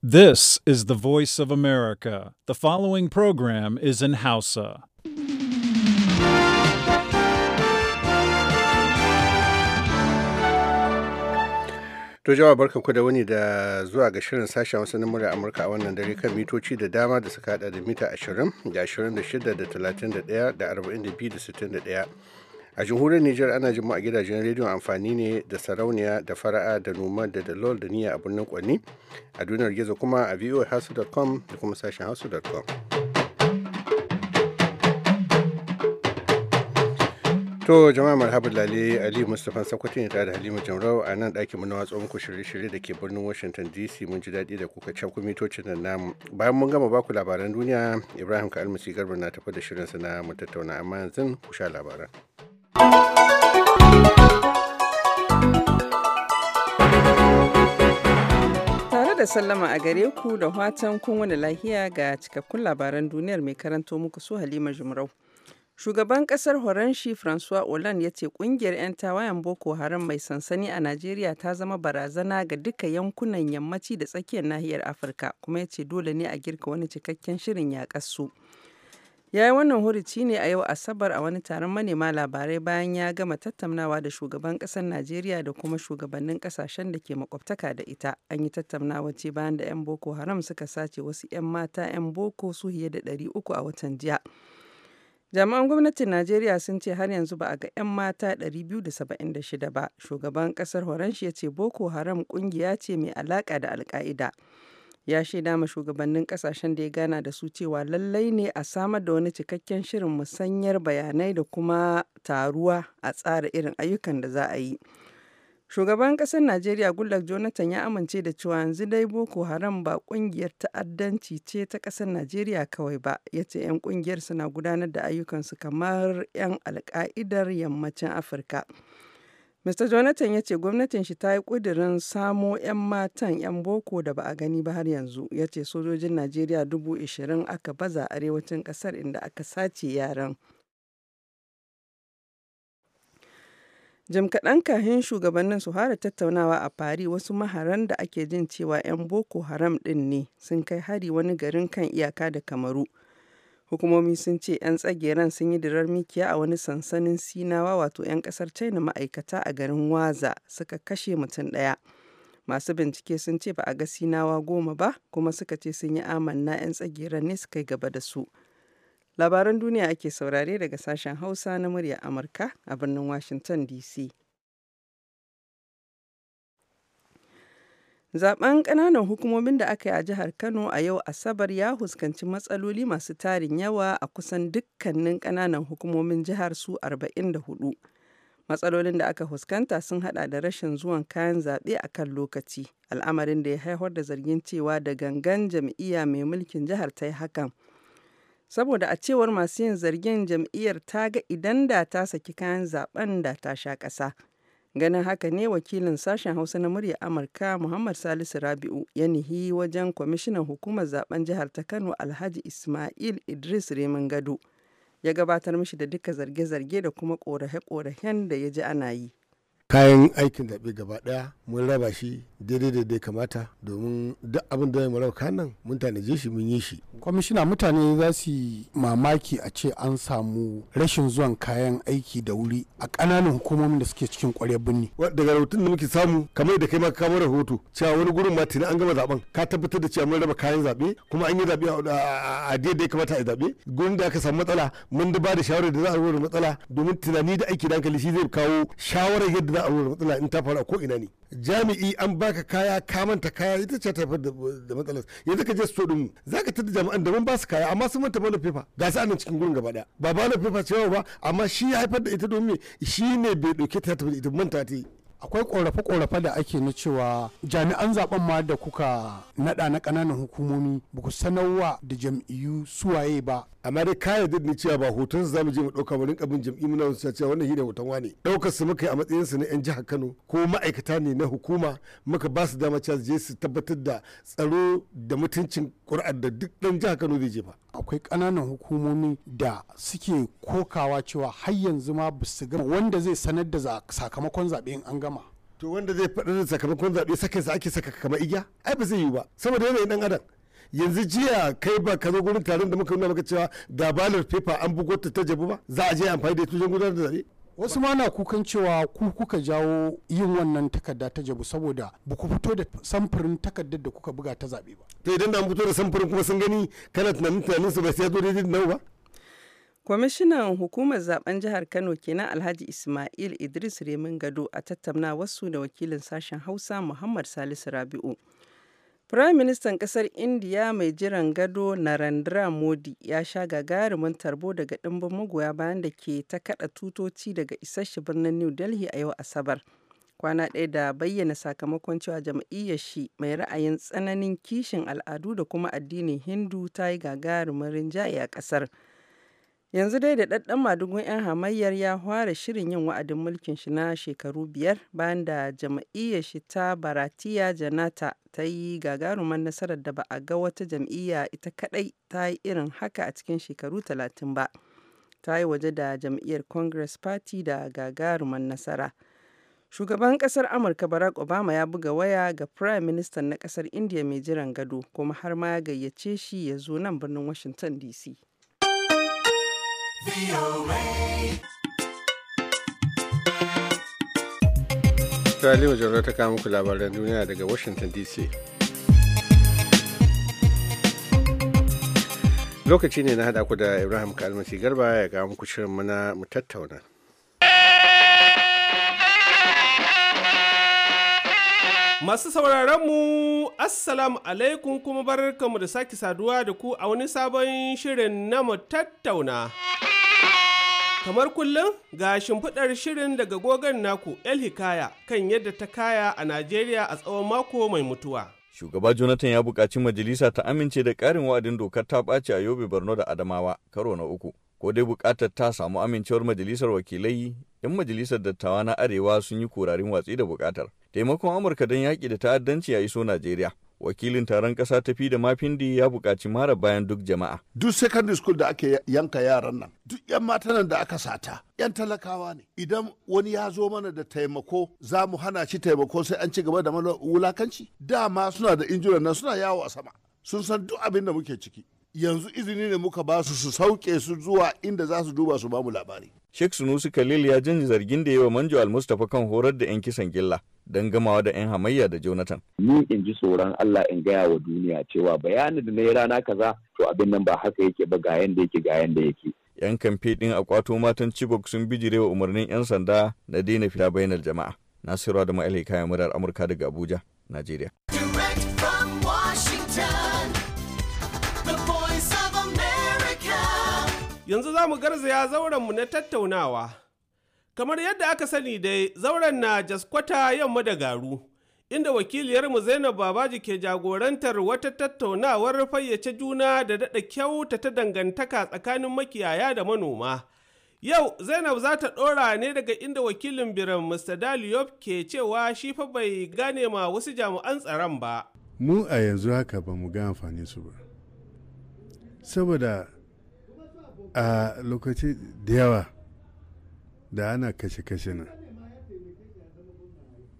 This is the voice of America. The following program is in Hausa. To jawa barkan ku da wani da zuwa ga shirin sashen wasu a Amurka a wannan dare kan mitoci da dama da suka hada da mita 20 da 26 da 31 da 42 da 61. a jamhuriyar nijar ana jima a gidajen rediyon amfani ne da sarauniya da fara'a da noma da dalol da niyya a birnin kwanni a duniyar gizo kuma a voahasu.com da kuma sashen hasu.com To jama'a marhaba lale Ali Mustapha Sokoto ne tare da Halima Jamrau a nan ɗakin muna watsa muku shirye-shirye da ke birnin Washington DC mun ji daɗi da kuka can kwamitocin nan namu. Bayan mun gama baku labaran duniya Ibrahim Ka'almasi Garba na tafi da shirinsa na mu tattauna amma yanzu ku sha labaran. Tare da sallama a gare ku da watan kun wani lahiya ga cikakkun labaran duniyar mai karanto muku su Halima Jumrau. Shugaban kasar Horanshi Francois Hollande ya ce kungiyar 'yan tawayen Boko Haram mai sansani a Najeriya ta zama barazana ga duka yankunan yammaci da tsakiyar nahiyar Afirka kuma ya ce dole ne a girka wani cikakken shirin yaƙar su. Ya yi wannan hurici ne a yau Asabar a wani taron manema labarai bayan ya gama tattaunawa da shugaban kasar Najeriya da kuma shugabannin kasashen da ke makwabtaka da ita. An yi tattaunawa ce bayan da 'yan Boko Haram suka sace wasu 'yan mata 'yan Boko su fiye da uku a watan jiya. Jami'an gwamnatin Najeriya sun ce har yanzu ba a ga 'yan mata 276 ba. Shugaban ƙasar Horanshi ya ce Boko Haram kungiya ce mai alaƙa da alka'ida ya shaida ma shugabannin kasashen da ya gana da su cewa lallai ne a samar da wani cikakken shirin musanyar bayanai da kuma taruwa a tsara irin ayyukan da za a yi. Shugaban kasar Najeriya Goodluck Jonathan ya amince da cewa yanzu dai Boko Haram ba kungiyar ta'addanci ce ta kasar Najeriya kawai ba, ya ce 'yan kungiyar suna gudanar da ayyukansu kamar 'yan alka'idar yammacin Afirka. Mr. Jonathan ya ce gwamnatin shi ta yi ƙudurin samo 'yan matan 'yan boko da ba a gani ba har yanzu. Ya ce sojojin Najeriya dubu aka baza arewacin ƙasar inda aka sace yaran. Jim kaɗan kahin shugabannin su fara tattaunawa a fari wasu maharan da ake jin cewa 'yan boko haram ɗin ne sun kai hari wani garin kan iyaka da kamaru. Hukumomi sun ce 'yan tsageren sun yi dirar mikiya a wani sansanin Sinawa wato 'yan kasar China ma'aikata a garin Waza suka kashe mutum ɗaya. Masu bincike sun ce ba a ga Sinawa goma ba kuma suka ce sun yi amanna 'yan tsageren ne suka yi gaba da su. Labaran duniya ake saurare daga sashen Hausa na murya Amurka a birnin Washington DC. Zaben ƙananan hukumomin da aka yi a jihar Kano a yau Asabar ya huskanci matsaloli masu tarin yawa a kusan dukkanin ƙananan hukumomin jihar su 44. Matsalolin da aka huskanta sun hada da rashin zuwan kayan zaɓe a kan lokaci, al'amarin da ya haifar da zargin cewa da gangan jam'iyya mai mulkin jihar ta yi hakan. Saboda a cewar masu yin zargin jam'iyyar ta ga idan da ta saki kayan zaben da ta sha ƙasa. Ganin haka ne wakilin sashen Hausa na murya Amurka Muhammad Salisu Rabi'u ya nihi wajen kwamishinan hukumar zaben jihar ta Kano Alhaji Ismail Idris Remin Gado. Ya gabatar mishi da duka zarge-zarge da kuma korahe-korahen da ya ji ana yi. kayan aikin zaɓe gaba ɗaya mun raba shi daidai da dai kamata domin duk abin da mu raba kayan nan mun tanaje shi mun yi shi. kwamishina mutane za su mamaki a ce an samu rashin zuwan kayan aiki da wuri a ƙananan hukumomin da suke cikin ƙwarya birni. daga rahoton da muke samu kamar da kai ma kawo rahoto cewa wani gurin ma tuni an gama zaben ka tabbatar da cewa mun raba kayan zaɓe kuma an yi zaɓe a daidai kamata a zaɓe gurin da aka samu matsala mun da ba da shawarar da za a rubuta matsala domin tunani da aiki da hankali shi zai kawo shawarar yadda ana a da matsala in ta faru a ko ina ne jami'i an baka kaya ka manta kaya ita ce ta fara da matsalar yanzu ka je so din za ka tada jami'an da mun ba su kaya amma sun manta bana fefa ga su anan cikin gurin gaba daya ba bana fefa cewa ba amma shi ya haifar da ita domin shi ne bai dauke ta ta ita manta ta yi akwai korafe-korafe da ake na cewa jami'an zaben ma da kuka nada na kananan hukumomi ba ku sanarwa da jam'iyyu suwaye ba amma dai ka ni cewa ba hoton za mu je mu dauka wurin kabin jami'u jam'i muna su cewa wannan hira hoton wane daukar su muka yi a matsayin su na yan jihar Kano ko ma'aikata ne na hukuma muka ba su dama cewa su je su tabbatar da tsaro da mutuncin ƙuri'ar da duk dan jihar Kano zai je ba akwai ƙananan hukumomi da suke kokawa cewa har yanzu ma ba su gama wanda zai sanar da sakamakon zaɓe in an gama to wanda zai faɗa da sakamakon zaɓe sakinsa ake saka kamar igiya ai ba zai yi ba saboda yanayin ɗan adam yanzu jiya kai ba ka zo gurin taron da muka nuna maka cewa ga balar paper an bugo ta ta jabu ba za a je amfani da ita wajen gudanar da zaɓe wasu ma na kukan cewa ku kuka jawo yin wannan takarda ta jabu saboda ba ku fito da samfurin takardar da kuka buga ta zaɓe ba to idan da fito da samfurin kuma sun gani kana tunanin tunanin su ba sai zo daidai ba kwamishinan hukumar zaben jihar kano kenan alhaji ismail idris remin gado a tattauna wasu da wakilin sashen hausa muhammad salisu rabi'u Firaministan ƙasar Indiya mai jiran gado Narendra Modi ya sha gagarumin tarbo daga ɗimbin magoya bayan da ke ta kaɗa tutoci daga isasshe birnin New Delhi a yau Asabar. Kwana ɗaya da bayyana sakamakon cewa jam'iyyar shi mai ra'ayin tsananin kishin al'adu da kuma addinin Hindu ta yi gagarumin rinjaye a ƙasar. Yanzu dai da ɗaɗɗan madugun 'yan hamayyar ya fara shirin yin wa'adin mulkin shi na shekaru biyar bayan da jam'iyyar shi ta baratiya Janata ta yi gagarumar nasarar da ba a ga wata jam'iyya ita kaɗai ta yi irin haka a cikin shekaru talatin ba. Ta yi waje da jam'iyyar Congress Party da gagarumar nasara. Shugaban kasar Amurka Barack Obama ya buga waya ga Prime Minister na kasar India mai jiran gado kuma har ma ya gayyace shi ya zo nan birnin Washington DC. Salihu Jauro ta kawo muku labaran duniya daga Washington DC. Lokaci ne na haɗa ku da Ibrahim Kalmasi Garba ya ga muku shirin muna mu tattauna. Masu sauraron mu Assalamu alaikum kuma barkanmu da sake saduwa da ku a wani sabon shirin na mu tattauna. kamar kullum ga shimfiɗar shirin daga gogon naku El Hikaya kan yadda ta kaya a Najeriya a tsawon mako mai mutuwa. Shugaba Jonathan ya buƙaci majalisa ta amince da ƙarin wa'adin dokar ta ɓaci a Yobe Borno da Adamawa karo na uku. Ko dai buƙatar ta samu amincewar majalisar wakilai, 'yan majalisar dattawa na Arewa sun yi kurarin watsi da buƙatar. Taimakon Amurka don yaƙi da ta'addanci ya iso Najeriya. wakilin taron ƙasa ta fi da mafindi ya buƙaci mara bayan duk jama'a. Duk secondary school da ake yanka yaran nan, duk 'yan nan da aka sata, 'yan talakawa ne. Idan wani ya zo mana da taimako, za mu hana shi taimako sai an ci gaba da mana wulakanci. Dama suna da injuran nan suna yawo a sama. Sun san duk abin da muke ciki. Yanzu izini ne muka ba su su sauke su zuwa inda za su duba su ba mu labari. Sheikh Sunusi Khalil ya janye zargin da yawa Manjo al mustafa kan horar da 'yan kisan gilla don gamawa da 'yan hamayya da Jonathan. Ni in ji tsoron Allah in gaya wa duniya cewa bayanin da na yi rana kaza to abin nan ba haka yake ba ga yanda yake ga yanda yake. 'Yan kamfe ɗin a kwato matan Chibok sun wa umarnin 'yan sanda na daina fita bayanar jama'a. Nasiru da ma'alai kayan murar Amurka daga Abuja, Najeriya. yanzu za mu garzaya zaurenmu na tattaunawa. Kamar yadda aka sani dai, zauren na jaskwata yamma da garu, inda wakiliyarmu Zainab Babaji ke jagorantar wata tattaunawar fayyace juna da daɗa ta dangantaka tsakanin makiyaya da manoma. Yau Zainab za ta ɗora ne daga inda wakilin biran Mr. Daliop ke cewa shi fa bai gane ma wasu jami'an tsaron ba. Mu a yanzu haka ba mu ga amfani su ba. Saboda a lokaci da yawa da ana kashe-kashe na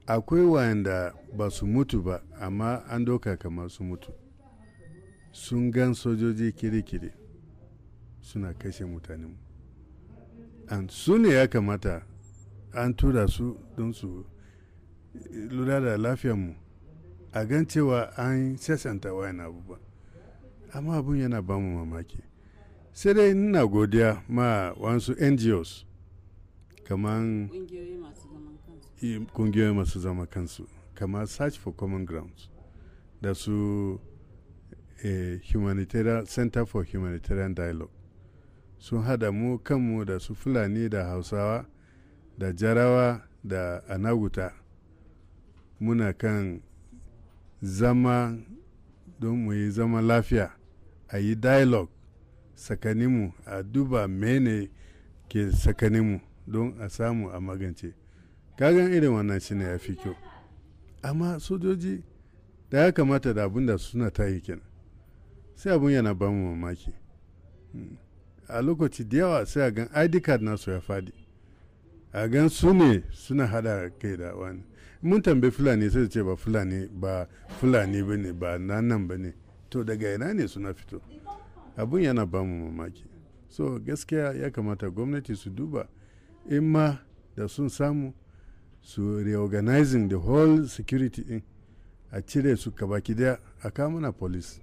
akwai wayanda ba su mutu ba amma an doka kamar su mutu sun gan sojoji kiri-kiri suna kashe mu. an su ne ya kamata an tura su don su lura da mu. a gan cewa an sasanta wayan abu ba amma abun yana bamu mamaki sai dai ina godiya ma wasu ngos kamar kungiyoyi masu zama kansu eh, kamar search for common grounds da su eh, humanitarian center for humanitarian dialogue sun hada mu kanmu da su fulani da hausawa da jarawa da anaguta muna kan zama don mu yi zama lafiya a yi dialogue sakaninmu a duba mene ke sakaninmu don a samu a magance kagan irin wannan shine ya fi kyau amma sojoji da ya kamata da abun da suna ta yi kenan sai abin yana ba mu mamaki a lokaci da yawa sai a gan id card nasu ya fadi a gan su ne suna hada kai da wani mun tambayi fulani sai ce ba fulani ba fulani ba ne ba nan ba ne to daga ina ne suna fito abun yana ba mu mamaki so gaskiya ya kamata gwamnati su duba in ma da sun samu su reorganizing the whole security din a cire su baki daya a kamuna police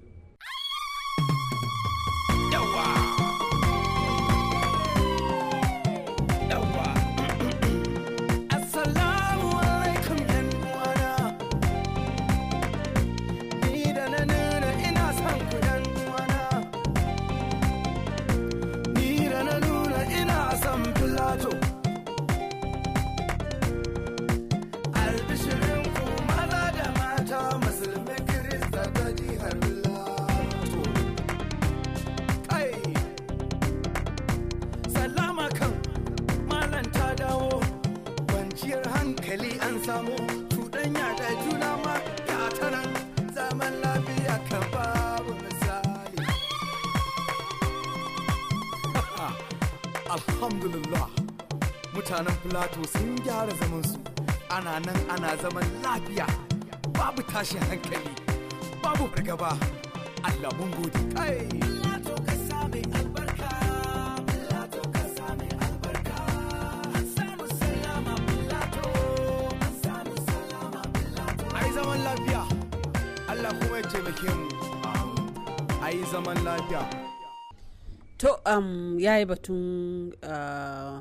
mutanen filato sun gyara zaman su ana nan ana zaman lafiya babu tashin hankali babu fargaba allah mun gode kai zaman lafiya mu zaman lafiya to um, ya yi batun uh,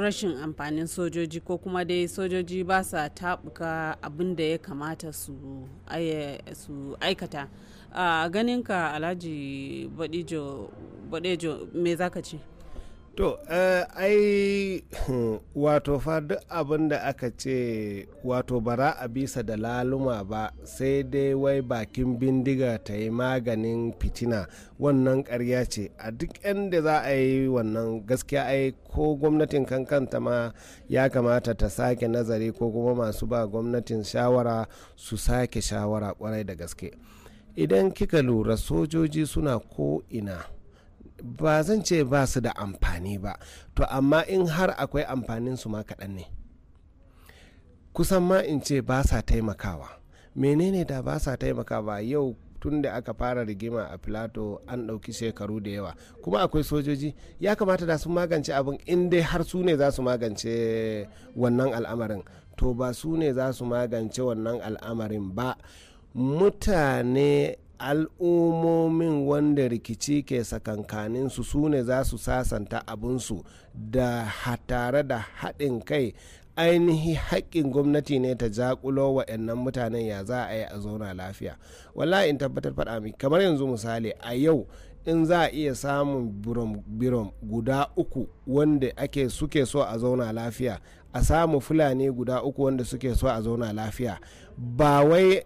rashin amfanin sojoji ko kuma dai sojoji ba sa taɓuka abin da ya kamata su aikata a ganinka alhaji badejo me zaka ce to eh, ai wato fa duk abin da aka ce wato bara a bisa da laluma ba sai dai wai bakin bindiga ta yi maganin fitina wannan karya ce a duk da za a yi wannan gaskiya ai ko gwamnatin kankanta ma ya kamata ta sake nazari ko kuma masu ba gwamnatin shawara su sake shawara kwarai da gaske idan kika lura sojoji suna ko ina ba zan ce ba su da amfani ba to amma in har akwai amfanin su ma kaɗan ne kusan ma in ce ba sa taimakawa menene da ba sa taimakawa yau tun da aka fara rigima a filato an ɗauki shekaru da yawa kuma akwai sojoji ya kamata da su magance abin in dai har su ne za su magance wannan al'amarin to ba su ne za su magance wannan al'amarin ba mutane al'ummomin wanda rikici ke sakankaninsu su ne za su sasanta abinsu da tare da haɗin kai ainihi haƙƙin gwamnati ne ta jakulo waɗannan mutanen ya za a yi a zauna lafiya wala in tabbatar faɗa mai kamar yanzu misali a yau in za a iya samun birom guda uku wanda ake suke so a zauna lafiya a samu fulani guda uku wanda suke so a zauna lafiya ba wai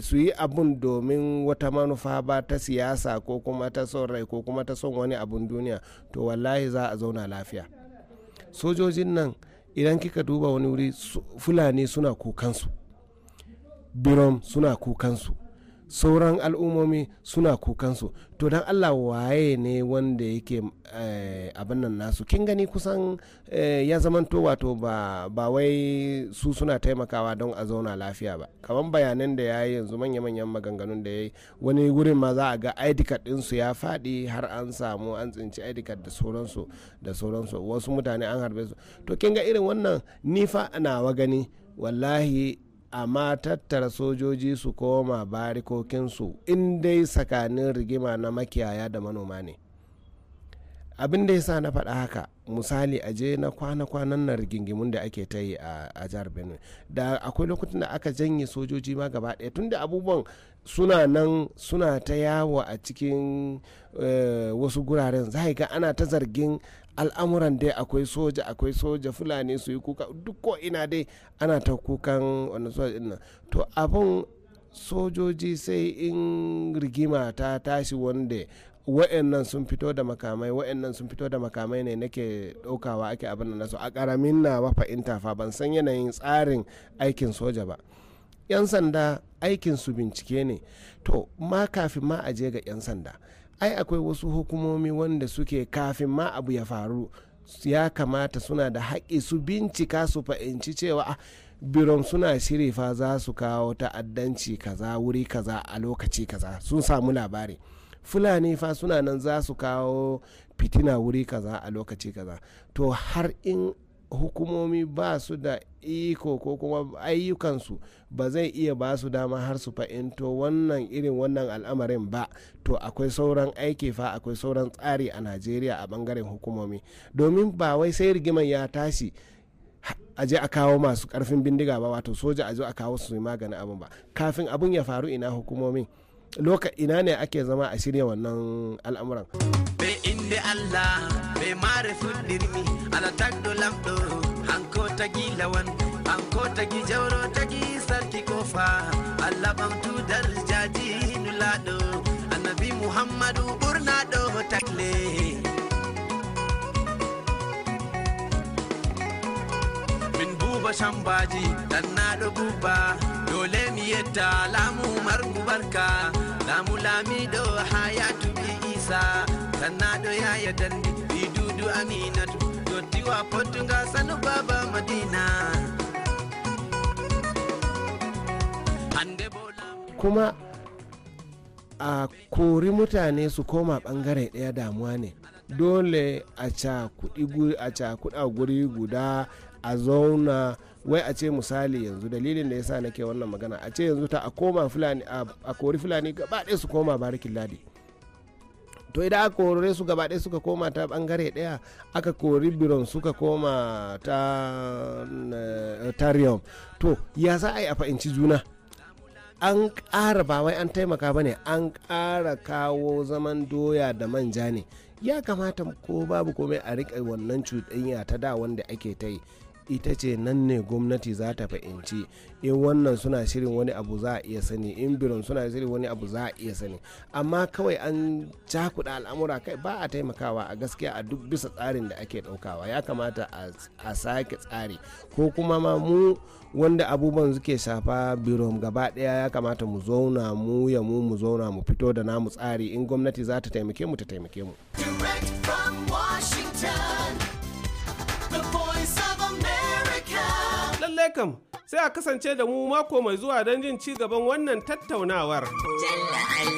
su yi abun domin wata manufa ba ta siyasa ko kuma ta son rai ko kuma ta son wani abun duniya to wallahi za a zauna lafiya sojojin nan idan kika duba wani wuri fulani suna kukansu birom suna kukansu sauran al'ummomi suna kukansu to don allah waye ne wanda yake eh, abin nan nasu kin gani kusan eh, ya zamanto wato ba wai su suna taimakawa don a zauna lafiya ba kamar bayanan da ya yi yanzu manya-manyan maganganun da ya yi wani wurin ma za a ga aidikat ɗinsu ya faɗi har an samu an tsinci aidikat da sauransu da sauransu wasu mutane an harbe su to kin ga irin wannan nifa nawa gani wallahi amma tattara sojoji su koma barikokinsu in dai tsakanin rigima na makiyaya da manoma ne abin da ya sa na faɗa haka misali aje na kwana-kwanan na rigingimun da ake ta yi a jihar benin da akwai lokutan da aka janye sojoji ma gaba ɗaya tunda abubuwan suna nan suna ta yawo a cikin eh, wasu guraren za ga ana ta zargin al'amuran dai akwai soja akwai soja fulani su yi kuka duk ko ina dai ana ta kukan wannan soja din nan to abin sojoji sai in rigima ta tashi wanda wa'annan sun fito da makamai wa'annan sun fito da makamai ne nake ɗaukawa ake abin nasu a ƙaramin na wafa fa ban san yanayin tsarin aikin soja ba 'yan sanda aikin su bincike ne to ma kafin ma aje ga 'yan sanda ai akwai wasu hukumomi wanda suke kafin ma abu ya faru ya kamata suna da haƙƙi su bincika su fahimci cewa ah, biron suna shiri fa za su kawo ta'addanci kaza wuri kaza a lokaci kaza sun samu labari fulani fa suna nan za su kawo fitina wuri kaza a lokaci kaza to har in hukumomi ba su da iko ko kuma ayyukansu ba zai iya ba su dama har su fa'into wannan irin wannan al'amarin ba to akwai sauran aiki fa akwai sauran tsari a najeriya a bangaren hukumomi domin ba wai sai rigiman ya tashi a je a kawo masu karfin bindiga ba wato soja a zo a kawo su magani abin ba kafin abin ya faru ina hukumomin loka ina ne ake zama a shirya wannan al'amuran. Be inda Allah, be mare fudirmi, ala tagdo lamdo tagi lawan an ko tagi jauro tagi sarki kofa allah bam tudar jaji nulaɗo annabi muhammadu ɓurnaɗo takle min buba shambaji ɗannaɗo buba dole mi yetta lamu margu barka lamu lamiɗo ha yatubi isa tannaɗo yaya dandi bi dudu aminatu Kuma a kori mutane su koma bangare ɗaya damuwa ne. Dole a ca cakuɗa guri guda a zauna wai a ce misali yanzu dalilin da ya yasa nake wannan magana a ce yanzu ta a koma fulani a kori fulani gaba su koma barikin ladi. to idan aka kore su gaba ɗaya suka koma ta bangare ɗaya aka kori biron suka koma ta eh, tarion to ya za a yi a fahimci juna an ƙara ba wai an taimaka ba ne an ƙara kawo zaman doya da manja ne ya kamata ko babu komai a riƙa wannan cuɗanya ta da wanda ake ta yi ita ce nan ne gwamnati za ta fahimci in eh, wannan suna shirin wani abu za a iya sani in biron suna shirin wani abu za a iya sani amma kawai an cakuɗa al'amura kai ba a taimakawa a gaskiya a duk bisa tsarin da ake ɗaukawa ya kamata a sake tsari ko kuma ma mu wanda abubuwan suke shafa birom gaba ɗaya ya kamata mu zauna mu ya mu mu zauna mu fito da namu tsari in gwamnati za ta taimake mu ta taimake mu. Direct from Washington. Lalle sai a kasance da mu mako mai zuwa don jin ci gaban wannan tattaunawar. Jalla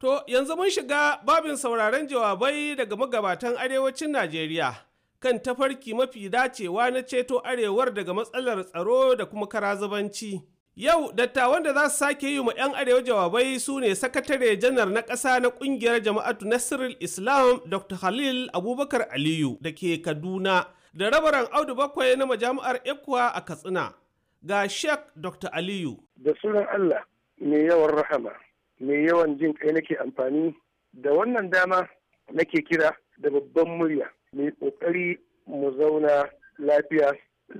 To yanzu mun shiga babin sauraron jawabai daga magabatan arewacin Najeriya. kan tafarki mafi dacewa na ceto arewar daga matsalar tsaro da kuma karazabanci. Yau dattawan da za su sake yi ma 'yan arewa jawabai su ne sakatare janar na ƙasa na ƙungiyar jama'atu Nasirul Islam Dr. Halil Abubakar Aliyu da ke Kaduna da rabaran Audu Bakwai na majami'ar Ekwa a Katsina ga Sheikh Dr. Aliyu. Da sunan Allah mai yawan rahama, mai yawan jin kai nake amfani da wannan dama nake kira da babban murya Mai kokari mu zauna lafiya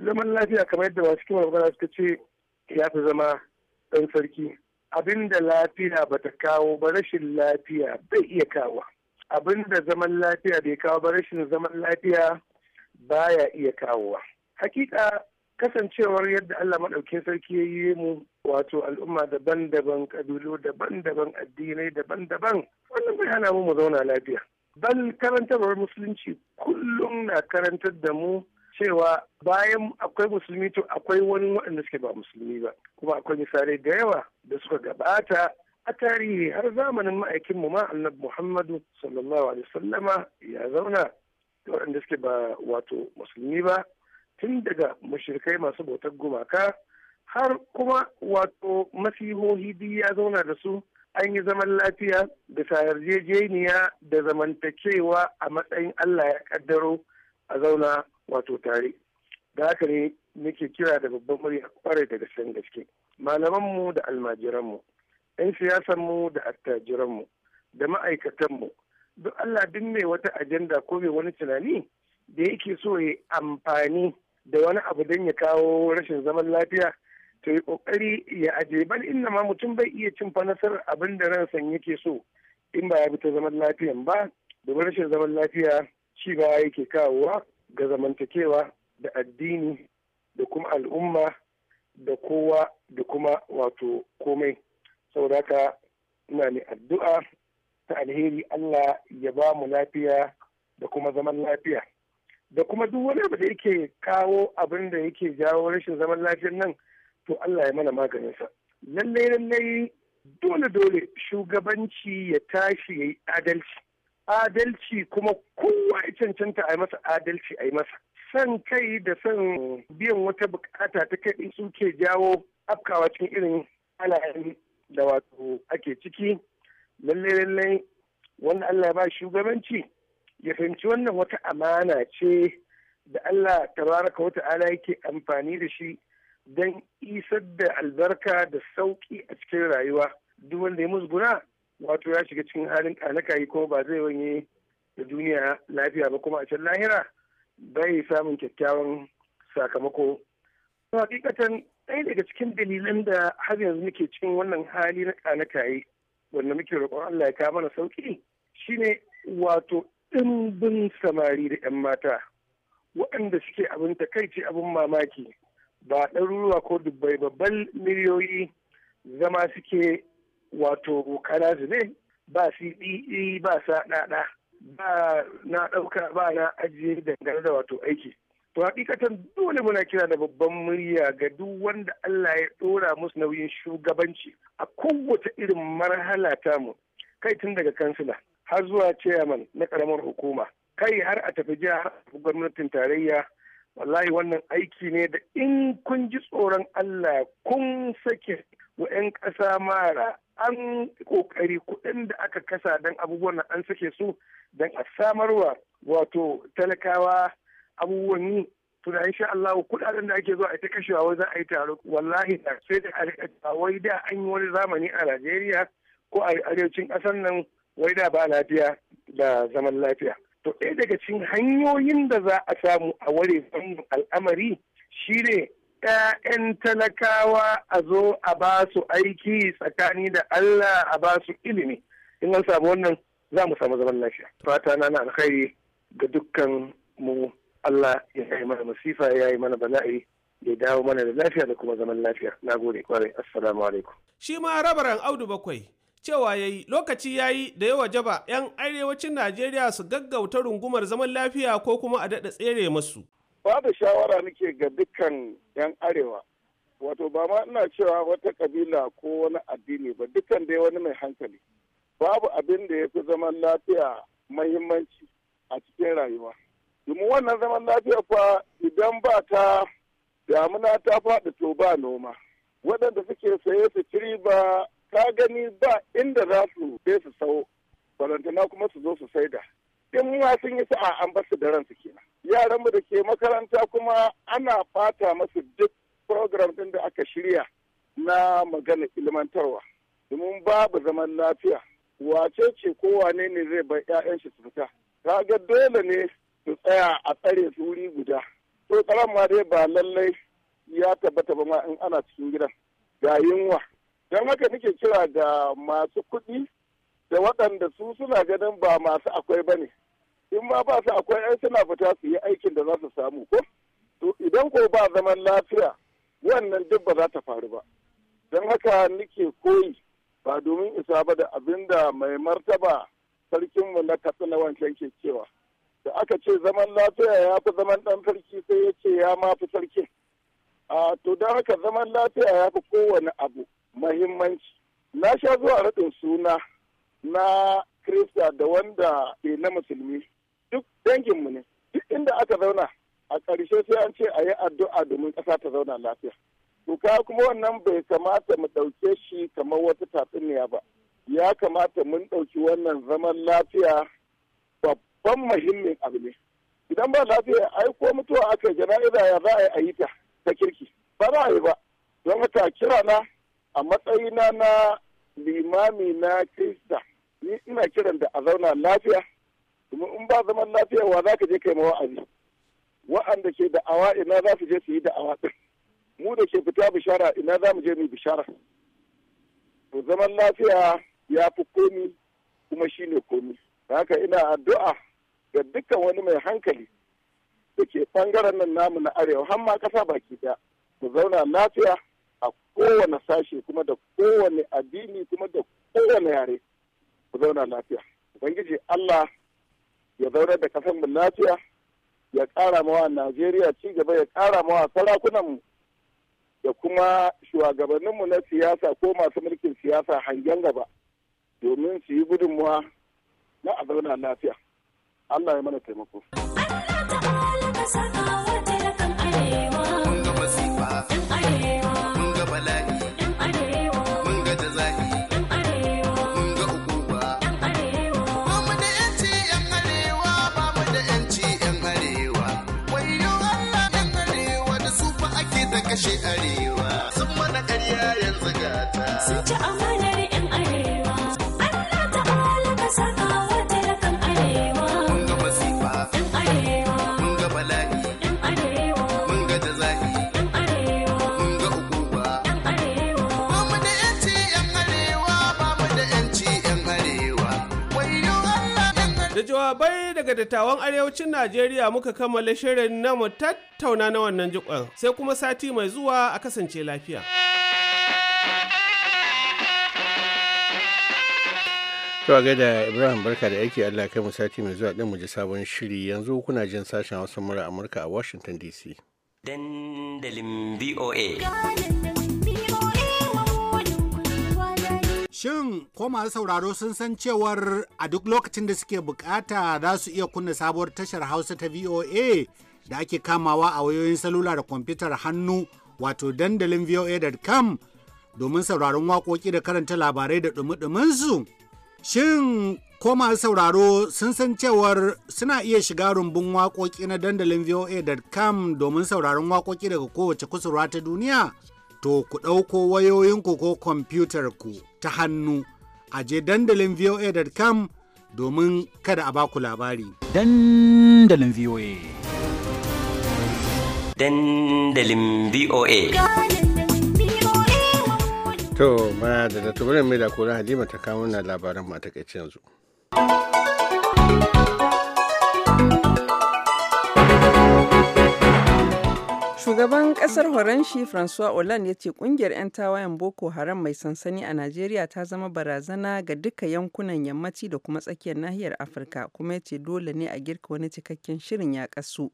zaman lafiya kamar yadda masu kimar magana suka ce ya fi zama ɗan sarki abin da lafiya ba ta kawo ba rashin lafiya bai iya kawo abin da zaman lafiya bai kawo ba rashin zaman lafiya baya iya kawowa hakika kasancewar yadda Allah maɗaukin sarki ya yi mu wato al'umma daban-daban ƙabilu daban-daban addinai daban-daban wannan bai hana mu mu zauna lafiya bal karantarwar musulunci kullum na karantar da mu cewa bayan akwai musulmi to akwai wani waɗanda suke ba musulmi ba kuma akwai misalai da yawa da suka gabata a tarihi har zamanin ma'aikin mu ma annabi muhammadu sallallahu alaihi sallama ya zauna da waɗanda suke ba wato musulmi ba tun daga mashirkai masu bautar gumaka har kuma wato masihohi biyu ya zauna da su an yi zaman lafiya bisa yarjejeniya da zamantakewa a matsayin Allah ya kaddaro a zauna wato tare. Da haka ne muke kira da babban murya kwarai da gaske gaske. Malamanmu da almajiranmu, 'yan siyasanmu da attajiranmu, da ma'aikatanmu, duk Allah duk mai wata ajanda ko mai wani tunani da yake so ya amfani da wani abu don ya kawo rashin zaman lafiya ta yi kokari ya ajiye bal inna ma mutum bai iya cin fa nasarar abin da ransan yake so in ba ya bi ta zaman lafiyan ba domin rashin zaman lafiya ci ba yake kawowa ga zamantakewa da addini da kuma al'umma da kowa da kuma wato komai saboda haka ina ne addu'a ta alheri Allah ya ba mu lafiya da kuma zaman lafiya da kuma duk wani abu da yake kawo abin da yake jawo rashin zaman lafiyan nan to Allah ya mana maganinsa lallai lallai dole dole shugabanci ya tashi ya yi adalci adalci kuma kowa ya cancanta a yi masa adalci a yi masa san kai da san biyan wata bukata ta kai suke jawo afkawa cikin irin halayen da wato ake ciki lallai lallai wanda Allah ya ba shugabanci ya fahimci wannan wata amana ce da Allah tabaraka wata ala yake amfani da shi don isar da albarka da sauƙi a cikin rayuwa duk wanda ya musguna wato ya shiga cikin halin kanakayi kuma ba zai wanye da duniya lafiya ba kuma a can lahira bai samun kyakkyawan sakamako. hakikatan ɗaya daga cikin dalilan da har yanzu muke cikin wannan hali na kanakayi wanda muke roƙon Allah ya kawo mana sauƙi shine wato ɗimbin samari da 'yan mata waɗanda suke abin takaici abin mamaki ba ɗaruruwa ko dubbai babban miliyoyi zama suke wato kana zube ba cde ba sa ɗaɗa ba na ɗauka ba na ajiye dangane da wato aiki to hakikatan dole muna kira da babban murya ga duk wanda Allah ya ɗora musu nauyin shugabanci a kowace irin marhala mu, kai tun daga kansila har zuwa chairman na ƙaramar hukuma kai har a tafi jiya har a jiha gwamnatin tarayya wallahi wannan aiki ne da in kun ji tsoron Allah kun sake wa 'yan ƙasa mara an ƙoƙari kuɗin da aka kasa don abubuwan an sake su don a samarwa wato talakawa abubuwan yi tuna insha Allah kuɗaɗen da ake zuwa a ta kashewa wai za a yi taro wallahi da sai da a wai da an yi wani zamani a Najeriya ko a arewacin ƙasar nan wai da ba lafiya da zaman lafiya to ɗaya daga cikin hanyoyin da za a samu a ware wannan al'amari shine ‘ya'yan talakawa a zo a ba su aiki tsakani da Allah a ba su ilimi in an samu wannan za mu samu zaman lafiya fata na na alkhairi ga dukkan mu Allah ya yi mana masifa ya yi mana bala'i ya dawo mana da lafiya da kuma zaman lafiya na gode kwarai assalamu alaikum shi ma rabaran audu bakwai cewa ya yi lokaci ya yi da yawa jaba 'yan arewacin najeriya su gaggauta rungumar zaman lafiya ko kuma a daɗa tsere masu babu shawara nake ga dukkan 'yan arewa wato ba ma ina cewa wata kabila ko wani addini ba dukkan dai wani mai hankali babu abin da ya fi zaman lafiya mahimmanci a cikin rayuwa domin wannan zaman lafiya fa idan ba ta damuna ta faɗi to ba noma waɗanda suke saye su ciri ba ta gani ba inda za su je su sau barantana kuma su zo su saida in ma sun yi sa'a an basu da ransu kenan yaran mu da ke makaranta kuma ana fata masu duk program din da aka shirya na magana ilmantarwa domin babu zaman lafiya wace ce ko wane ne zai bar 'ya'yan shi su fita kaga dole ne su tsaya a tsare su wuri guda to karan ma dai ba lallai ya tabbata ba ma in ana cikin gidan ga yunwa don haka nake kira ga masu kuɗi da waɗanda su suna ganin ba masu akwai ba ne in ma ba su akwai ai suna fita su yi aikin da za su samu ko to idan ko ba zaman lafiya wannan duk ba za ta faru ba don haka nake koyi ba domin isa ba da abin da mai martaba sarkinmu na katsina wancan ke cewa da aka ce zaman lafiya ya fi zaman ɗan sarki sai ya ce ya ma fi a to don haka zaman lafiya ya fi kowane abu mahimmanci na sha zuwa raɗin suna na kirista da wanda ke na musulmi duk danginmu ne duk inda aka zauna a ƙarshe sai an ce a yi addu'a domin ƙasa ta zauna lafiya to kuma wannan bai kamata mu ɗauke shi kamar wata tatsuniya ba ya kamata mun ɗauki wannan zaman lafiya babban muhimmin abu ne idan ba lafiya ai ko mutuwa aka jana'iza ya za yi a yi ta ta kirki ba za a yi ba don haka kira na a matsayina na limami na kirista ni ina kiran da a zauna lafiya kuma in ba zaman lafiya wa za ka je kai wa'azi wa'anda ke da awa ina za su je su yi da awa mu da ke fita bishara ina za mu je mu bishara to zaman lafiya ya fi komi kuma shi ne komi haka ina addu'a ga dukkan wani mai hankali da ke bangaren nan namu na arewa har ma kasa baki daya mu zauna lafiya a kowane sashe kuma da kowane addini kuma da kowane yare ku zauna lafiya ubangiji allah ya zaunar da kasar mu lafiya ya ƙara mawa najeriya ci gaba ya ƙara mawa sarakunan mu da kuma shugabannin mu na siyasa ko masu mulkin siyasa hangen gaba domin su yi gudunmuwa na a zauna lafiya allah ya mana taimako. daga dattawan arewacin Najeriya muka kammala shirin na mu tattauna na wannan jikon sai kuma sati mai zuwa a kasance lafiya. To gada Ibrahim barka da aiki Allah kai mu sati mai zuwa ɗin mu ji sabon shiri yanzu kuna jin sashen Hausa mura Amurka a Washington DC. Dandalin VOA. Shin ko masu sauraro sun san cewar a duk lokacin da suke bukata za su iya kunna sabuwar tashar Hausa ta VOA da ake kamawa a wayoyin salula da kwamfutar hannu wato dandalin voa.com domin sauraron waƙoƙi da karanta labarai da ɗumi Shin ko masu sauraro sun san cewar suna iya shiga rumbun waƙoƙi na dandalin voa.com domin sauraron waƙoƙi daga kowace kusurwa ta duniya? To ku ɗauko wayoyinku ko kwamfutar ku. ta hannu a je dandalin voa.com domin kada a baku labari. Dandalin VOA. Dandalin VOA. To, mana da da tubarin mai da kura Halima ta kawo na labaran kai yanzu. Shugaban kasar Horanshi Francois Hollande ya ce kungiyar 'yan tawayen Boko Haram mai sansani a Najeriya ta zama barazana ga duka yankunan yammaci da kuma tsakiyar nahiyar Afirka kuma ya ce dole ne a girka wani cikakken shirin ya kasu.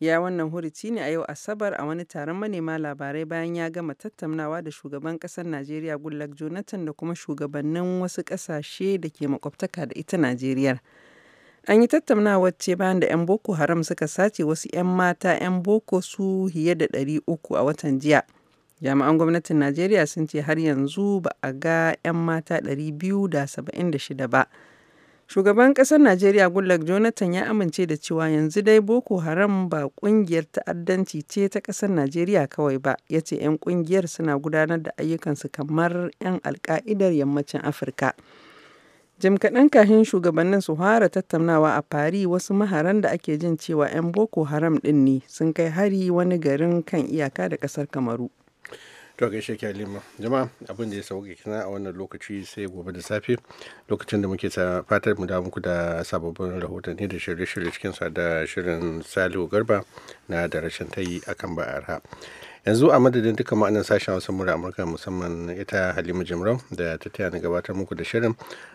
Ya wannan hurici ne a yau Asabar a wani taron manema labarai bayan ya gama tattaunawa da shugaban kasar Najeriya Goodluck Jonathan da kuma shugabannin wasu kasashe da ke makwabtaka da ita Najeriya. An yi tattaunawar ce bayan da 'yan Boko Haram suka sace wasu 'yan mata 'yan Boko su hiye da 300 a watan jiya. Jami'an gwamnatin Najeriya sun ce har yanzu ba a ga 'yan mata 276 ba. Shugaban ƙasar Najeriya Goodluck Jonathan ya amince da cewa yanzu dai Boko Haram ba ƙungiyar ta'addanci ce ta ƙasar Najeriya kawai ba, ya ce 'yan ƙungiyar suna gudanar da ayyukansu kamar 'yan alka'idar yammacin Afirka. Jim kaɗan kafin shugabannin su fara tattaunawa a fari wasu maharan da ake jin cewa 'yan Boko Haram ɗin ne sun kai hari wani garin kan iyaka da ƙasar Kamaru. To gaishe ki lima Jama'a abin da ya sauke kina a wannan lokaci sai gobe da safe lokacin da muke fatar mu da muku da sababbin rahotanni da shirye-shirye cikin sa da shirin Salihu Garba na da rashin tayi akan ba'ara. yanzu a madadin duka ma'anar sashen hausa mura amurka musamman ita halima jimrau da ta taya na gabatar muku da shirin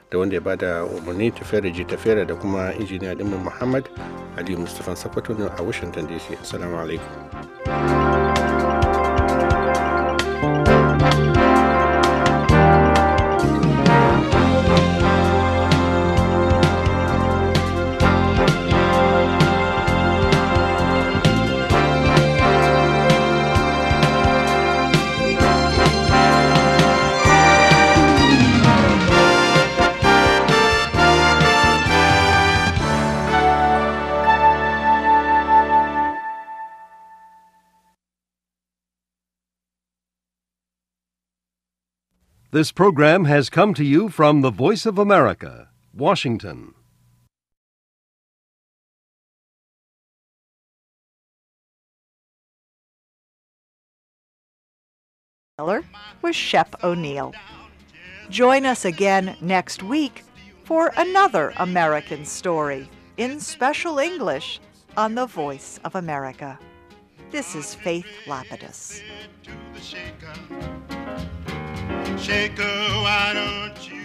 da wanda ya bada umarni tafiyar ji tafiyar da kuma injiniya dinmu muhammad ali mustafan sakwato a washington dc assalamu alaikum This program has come to you from the Voice of America, Washington. Miller was Shep O'Neill. Join us again next week for another American story in special English on the Voice of America. This is Faith Lapidus. Shaker, why don't you?